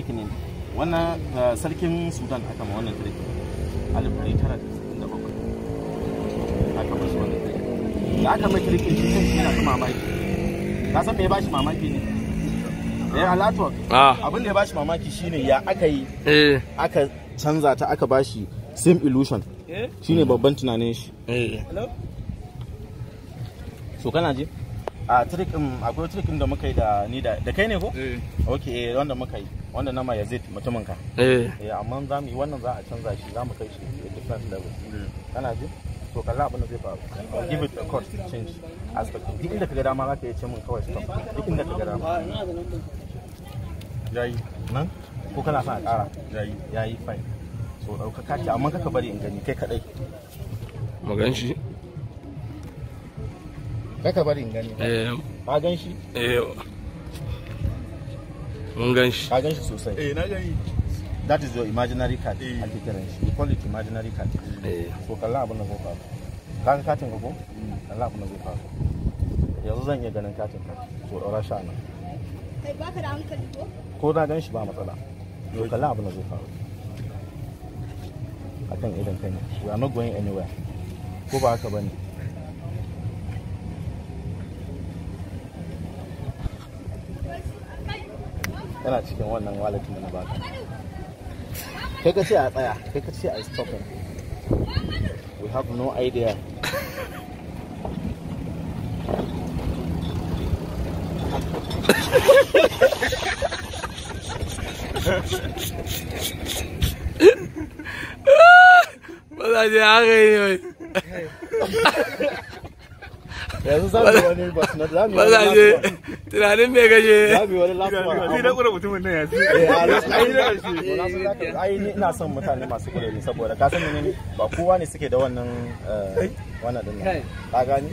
trick ne wannan sarkin sudan aka ma wannan trick alif ɗari tara da da bakwai aka mashi wannan trick da aka mai trick shi kan shi yana ta mamaki ka san me ya bashi mamaki ne eh alatwork ah. abin da ya bashi mamaki shine ya aka yi eh. aka canza ta aka bashi same illusion eh? shine babban tunanin shi eh. so kana ji a trick din akwai trick din da muka yi da ni da da kai ne ko eh okay eh, wanda muka yi wanda na Yazid mutumin ka eh. eh amma za mu yi wannan za a canza shi za mu kai shi different level hmm. kana ji to kalla abin da zai faru give it a cost change aspect duk inda kaga dama zaka yi ce mun kawai stop duk inda kaga dama yayi nan ko kana sa a ƙara yayi yayi fine so dauka kaki amma kaka bari in gani kai kadai magan shi kaka bari in gani eh. ka gan shi eh mun gan ka gan sosai eh na gani that is your imaginary card eh. ake kiran shi you call it imaginary card eh. so kallon abin da zai faru ka ga katin ka ko mm. kallon abin zai faru yanzu zan iya ganin katin ka so daura shi a nan kai baka da hankali ko ko na gan shi ba matsala to kallon abin da zai akan idan kai ne we are not going anywhere ko ba haka bane yana cikin wannan wallet da na baka kai ka ce a tsaya kai ka ce a stopping we have no idea Bana ce haka yi Yanzu na wani tunanin mai gaje ya bi wani na kura mutumin nan ya eh, ci. ai ni ina son mutane masu kurari saboda ka san menene ba kowa ne suke da wannan eh, wannan din ka gani